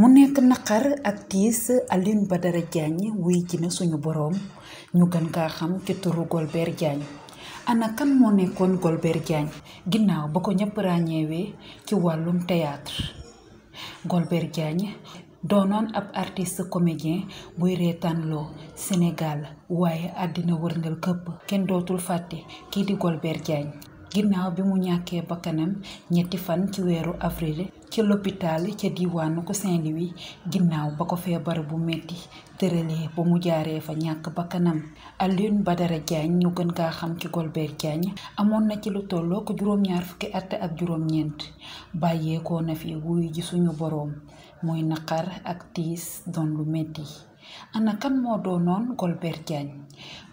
mu nekk naqar ak tiis Alioune Badara Diagne wuy ji suñu boroom ñu gën kaa xam ci turu Golbert Diagne ana moo nekkoon Golbert Diagne ginnaaw ba ko ñëpp ràññeewee ci wàllum théâtre Golbert Diagne doonoon ab artiste comédien buy reetaanloo Sénégal waaye àddina wërngal këpp kenn dootul fàtte kii di Golbert Diagne ginnaaw bi mu ñàkkee bakkanam ñetti fan ci weeru avril ca l'hôpital ca diwaanu ko Saint-Louis ginnaaw ba ko feebar bu metti tëralee ba mu jaaree fa ñàkk ba kanam Alioune Badara Diagne ñu gën kaa xam ci Golbert Diagne amoon na ci lu tolloo ko juróom-ñaar fukki at ak juróom-ñeent bàyyeekoo na fi wuy ji suñu boroom muy naqar ak tiis doon lu metti ana kan moo doonoon Golbert Diagne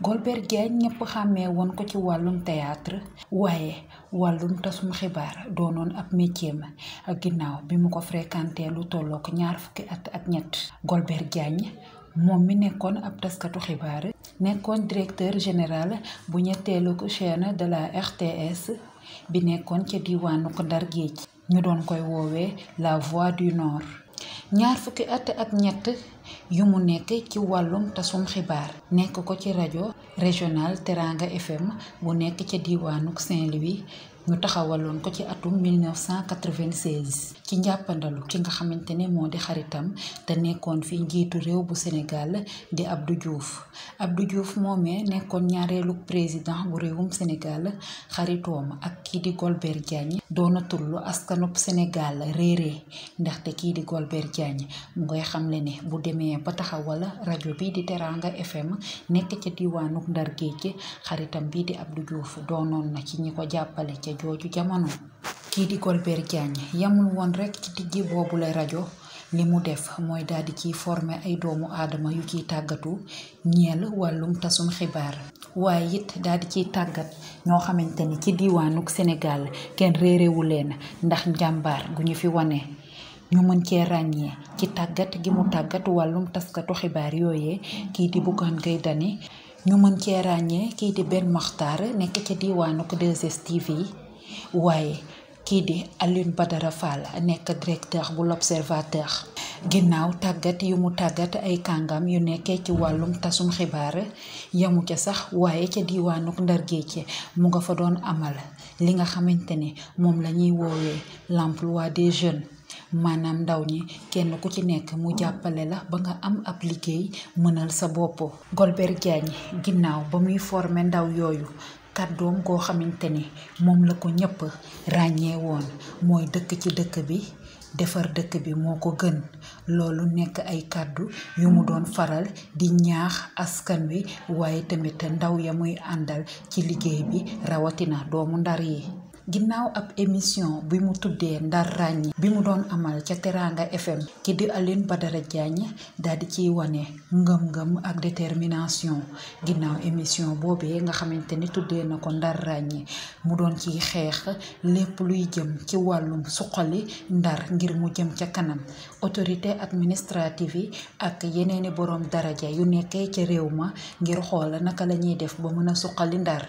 Golbert Diagne ñëpp xàmmee woon ko ci wàllum théâtre waaye wàllum tasum xibaar doonoon ab métier ma ak ginnaaw bi mu ko fréquenté lu ko ñaar fukki at ak ñett Golbert Diagne moom mi nekkoon ab taskatu xibaar nekkoon directeur général bu ñetteelu chaîne de la RTS bi nekkoon ca diwaanu ko Ndar Géej ñu doon koy woowee la voix du nord ñaar fukki at ak ñett yu mu nekk ci wàllum tasum xibaar nekk ko ci rajo régional Teranga FM bu nekk ca diwaanug Saint-Louis ñu taxawaloon ko ci atum 1996 ci njàppandalu ki nga xamante ne moo di xaritam te nekkoon fi njiitu réew bu Sénégal di Abdou Diouf Abdou juuf moomee nekkoon ñaareelu président bu réewum Sénégal xaritoom ak kii di Golbert Diagne doonatul lu askanub senegal réeree ndaxte kii di Golbert Diagne mu ngay xamle ne bu demee ba taxawal rajo bi di Teranga FM nekk ca diwaanu Ndar Géej xaritam bii di Abdou Diouf doonoon na ci ñi ko jàppale ca jooju jamono kii di Golbert Diagne yamul woon rek ci tijji boobule rajo li mu def mooy daal di ciy former ay doomu aadama yu ciy tàggatu ñeel wàllum tasum xibaar waaye it daal di ciy tàggat ñoo xamante ni ci diiwaanuk Sénégal kenn réeréwu leen ndax njàmbaar gu ñu fi wane ñu mën cee ràññee ci tàggat gi mu tàggat wàllum taskatu xibaar yooyee kii di Bougane Gueye Dany ñu mën cee ràññee kii di benn maxtaar nekk ca diiwaanuk 2STV waaye kii di Alioune Badara Fall nekk directeur bu l'Observateur ginnaaw tàggat yu mu tàggat ay kàngam yu nekkee ci wàllum tasum xibaar yamu ca sax waaye ca diiwaanu ndar géej mu nga fa doon amal li nga xamante ne moom lañuy ñuy woowee l'emploi des jeunes maanaam ndaw ñi kenn ku ci nekk mu jàppale la ba nga am ab liggéey mënal sa bopp Golbert Diagne ginnaaw ba muy forme ndaw yooyu kàddoom goo xamante ni moom la ko ñëpp ràññee woon mooy dëkk ci dëkk bi defar dëkk bi moo ko gën loolu nekk ay kàddu yu mu doon faral di ñaax askan wi waaye tamit ndaw ya muy àndal ci liggéey bi rawatina doomu ndar yi ginnaaw ab émission bi mu tuddee ndar ràññi bi mu doon amal ca Teranga FM ki di Alioune Badara Diagne daal di ciy wane ngëm-ngëm ak détermination ginnaaw émission boobee nga xamante ni tuddee na ko ndar ràññi mu doon ciy xeex lépp luy jëm ci wàllum suqali ndar ngir mu jëm ca kanam autorité administrative yi ak yeneeni boroom daraja yu nekkee ca réew ma ngir xool naka la ñuy def ba mën a suqali ndar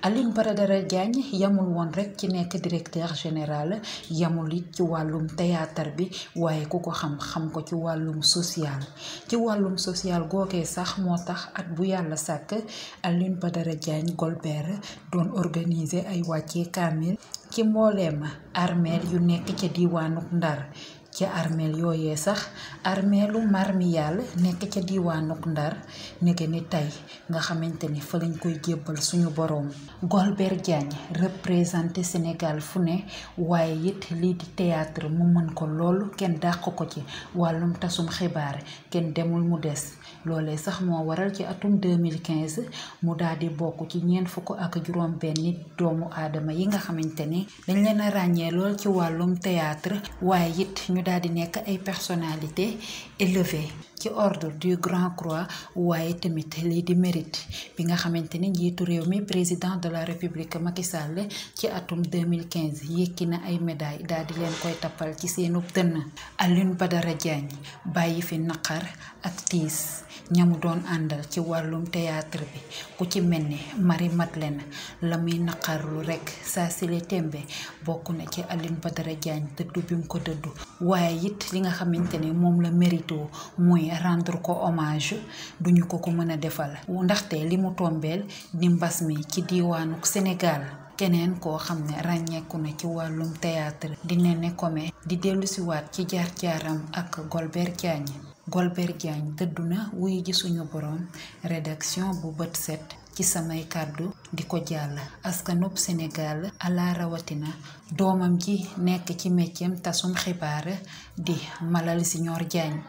Alioune Badara Diagne yamul woon rek ci nekk directeur général yamul it ci wàllum théâtre bi waaye ku ko xam xam ko ci wàllum social ci wàllum social googee sax moo tax at bu yàlla sàkk Alioune Badara Diagne Golbert doon organiser ay wàccee kaamir ci mbooleem armeel yu nekk ca diwaanuk Ndar ci armeel yooyee sax armeelu marmiyal nekk ca diiwaanuk ndar nege ni tey nga xamante ni fa lañ koy jébbal suñu boroom Golbert Diagne représenté Sénégal fu ne waaye it lii di théâtre mu mën ko loolu kenn dàq ko ci wàllum tasum xibaar kenn demul mu des loolee sax moo waral ci atum 2015 mu daal di bokk ci ñeent fukk ak juróom benn doomu aadama yi nga xamante ni dañ leen a ràññee lool ci wàllum théâtre waaye it ñu daal di nekk ay personnalité élevée ci ordre du grand croix waaye tamit li di mérite bi nga xamante ni njiitu réew mi président de la république Macky Sall ci atum 2015 yëkki na ay médaille daal di leen koy tappal ci seenu dënn Alioune Badara Diagne bàyyi fi naqar ak tiis ñamu doon àndal ci wàllum théâtre bi ku ci mel ni Marie Madeleine la muy naqarlu rekk saa sile tembe bokk na ci Aline Badara Diagne dëddu bi mu ko dëddu waaye it li nga xamante ni moom la mérito muy rendre ko omage duñu ko ko mën a defal ndaxte li mu tombeel di mbas mi ci diiwaanu Sénégal keneen koo xam ne ràññeeku na ci wàllum théâtre di Néné Komé di dellusiwaat ci jaar-jaaram ak Golbert Diagne Golbert Diagne dëddu na wuy ji suñu borom rédaction bu bët set ci samay kàddu di ko jàll askanub Sénégal ala rawatina doomam ji nekk ci métier tasum xibaar di Malal Signor Diagne